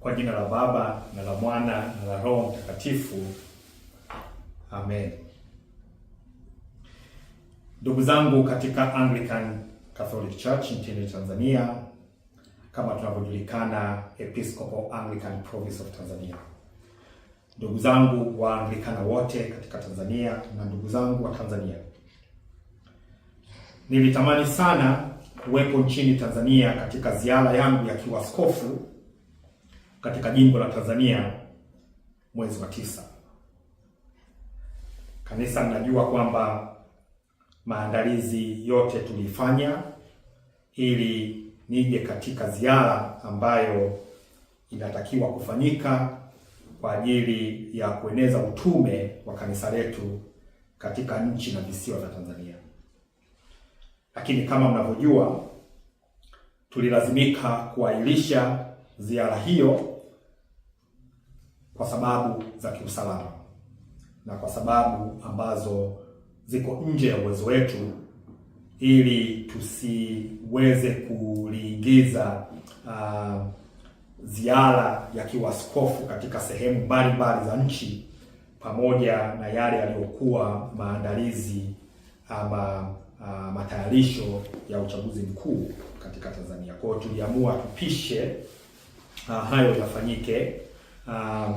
Kwa jina la Baba na la Mwana na la Roho Mtakatifu, amen. Ndugu zangu katika Anglican Catholic Church nchini Tanzania, kama tunavyojulikana Episcopal Anglican Province of Tanzania, ndugu zangu wa Anglikana wote katika Tanzania na ndugu zangu wa Tanzania, nilitamani sana kuwepo nchini Tanzania katika ziara yangu ya kiwaskofu katika jimbo la Tanzania mwezi wa tisa. Kanisa, mnajua kwamba maandalizi yote tulifanya ili nije katika ziara ambayo inatakiwa kufanyika kwa ajili ya kueneza utume wa kanisa letu katika nchi na visiwa vya Tanzania. Lakini kama mnavyojua, tulilazimika kuahirisha ziara hiyo kwa sababu za kiusalama na kwa sababu ambazo ziko nje ya uwezo wetu, ili tusiweze kuliingiza uh, ziara ya kiwaskofu katika sehemu mbalimbali za nchi, pamoja na yale yaliyokuwa maandalizi ama uh, matayarisho ya uchaguzi mkuu katika Tanzania. Kwa hiyo tuliamua tupishe uh, hayo yafanyike uh,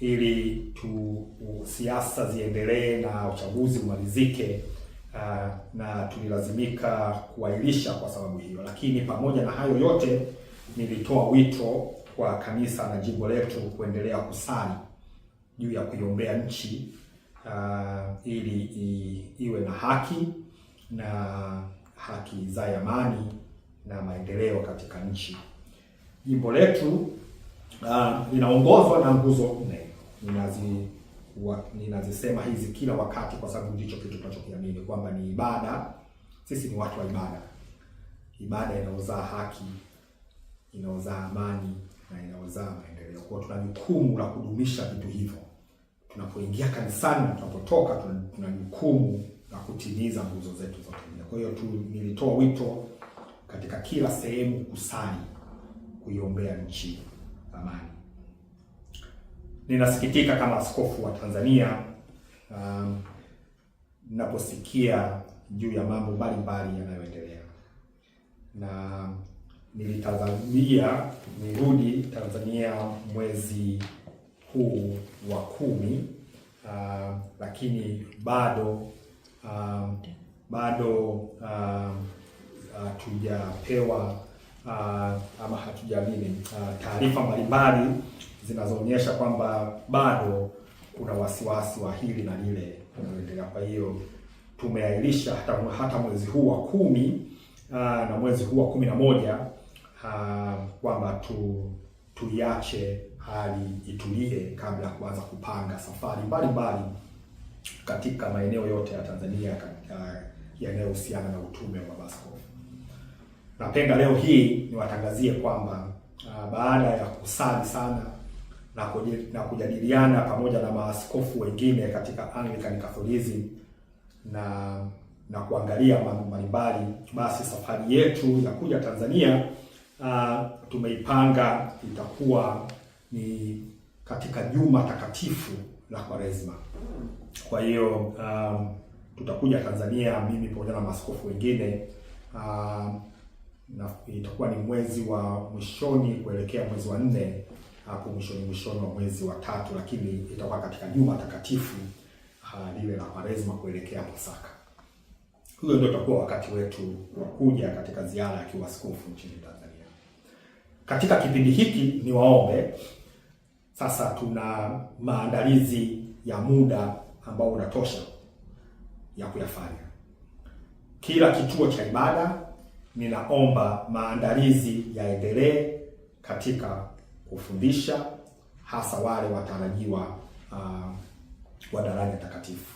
ili tu siasa ziendelee na uchaguzi umalizike, uh, na tulilazimika kuahirisha kwa sababu hiyo. Lakini pamoja na hayo yote, nilitoa wito kwa kanisa na jimbo letu kuendelea kusali juu ya kuiombea nchi uh, ili i, iwe na haki na haki za amani na maendeleo katika nchi. Jimbo letu uh, inaongozwa na nguzo nne. Ninazi wa, ninazisema hizi kila wakati kwa sababu ndicho kitu tunachokiamini kwamba ni ibada. Sisi ni watu wa ibada. Ibada inaozaa haki, inaozaa amani na inaozaa maendeleo. Kwa tuna jukumu la kudumisha vitu hivyo. Tunapoingia kanisani na tunapotoka, tuna jukumu la kutimiza nguzo zetu zote. Kwa hiyo tu nilitoa wito katika kila sehemu kusali kuiombea nchi amani. Ninasikitika kama askofu wa Tanzania um, naposikia juu ya mambo mbalimbali yanayoendelea na nilitazamia nirudi Tanzania mwezi huu wa kumi, uh, lakini bado uh, bado um, hatujapewa uh, uh, ama hatujamini uh, ah, taarifa mbalimbali zinazoonyesha kwamba bado kuna wasiwasi wa hili na lile unaoendelea. Kwa hiyo tumeahirisha hata, hata mwezi huu wa kumi uh, na mwezi huu wa kumi na moja uh, kwamba tu tuiache hali itulie kabla ya kuanza kupanga safari mbalimbali katika maeneo yote ya Tanzania yanayohusiana na utume wa maaskofu. Napenda leo hii niwatangazie kwamba uh, baada ya kusali sana na, kuj na kujadiliana pamoja na maaskofu wengine katika Anglican Catholicism na na kuangalia mambo mbalimbali, basi safari yetu ya kuja Tanzania uh, tumeipanga itakuwa ni katika juma takatifu la Kwaresma. Kwa hiyo uh, tutakuja Tanzania, mimi pamoja na maaskofu wengine uh, na itakuwa ni mwezi wa mwishoni kuelekea mwezi wa nne hapo mwishoni mwishoni wa mwezi wa tatu, lakini itakuwa katika juma takatifu lile la Kwaresma kuelekea Pasaka. Huyo ndio utakuwa wakati wetu wa kuja katika ziara ya kiwaskofu nchini Tanzania. Katika kipindi hiki ni waombe sasa, tuna maandalizi ya muda ambao unatosha ya kuyafanya. Kila kituo cha ibada ninaomba maandalizi yaendelee katika kufundisha hasa wale watarajiwa uh, wa daraja takatifu.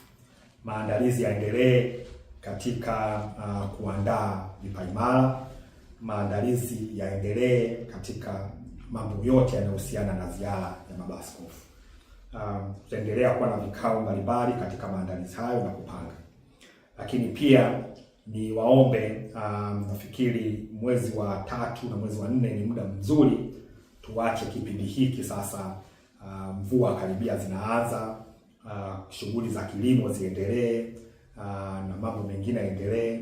Maandalizi yaendelee katika uh, kuandaa vipaimara. Maandalizi yaendelee katika mambo yote yanayohusiana na ziara ya mabaskofu askofu. Um, kuwa na vikao mbalimbali katika maandalizi hayo na kupanga, lakini pia ni waombe um, nafikiri mwezi wa tatu na mwezi wa nne ni muda mzuri tuache kipindi hiki sasa. Uh, mvua karibia zinaanza, uh, shughuli za kilimo ziendelee, uh, na mambo mengine yaendelee.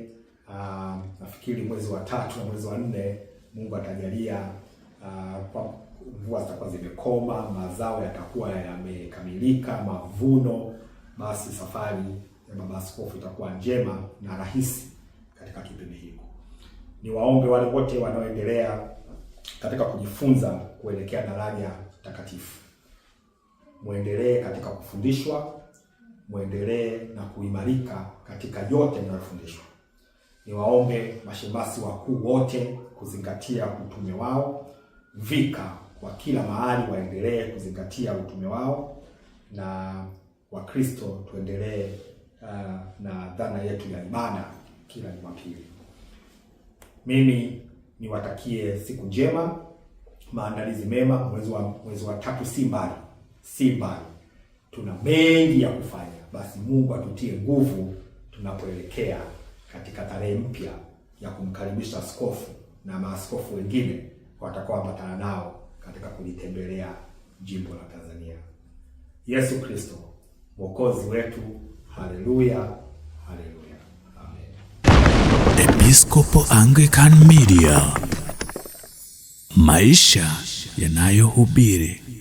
Uh, nafikiri mwezi wa tatu na mwezi wa nne Mungu atajalia, uh, kwa mvua zitakuwa zimekoma, mazao yatakuwa yamekamilika, mavuno, basi safari ya Baba itakuwa njema na rahisi katika kipindi hiki. Niwaombe wale wote wanaoendelea katika kujifunza kuelekea daraja takatifu, muendelee katika kufundishwa, muendelee na kuimarika katika yote mnayofundishwa. Niwaombe mashemasi wakuu wote kuzingatia utume wao, vika kwa kila mahali waendelee kuzingatia utume wao, na Wakristo tuendelee uh, na dhana yetu ya ibada kila Jumapili. Mimi niwatakie siku njema, maandalizi mema. Mwezi wa mwezi wa tatu si mbali, si mbali, tuna mengi ya kufanya. Basi Mungu atutie nguvu tunapoelekea katika tarehe mpya ya kumkaribisha askofu na maaskofu wengine watakaoambatana nao katika kulitembelea jimbo la Tanzania. Yesu Kristo Mwokozi wetu, haleluya! Episcopal Anglican Media, maisha yanayohubiri.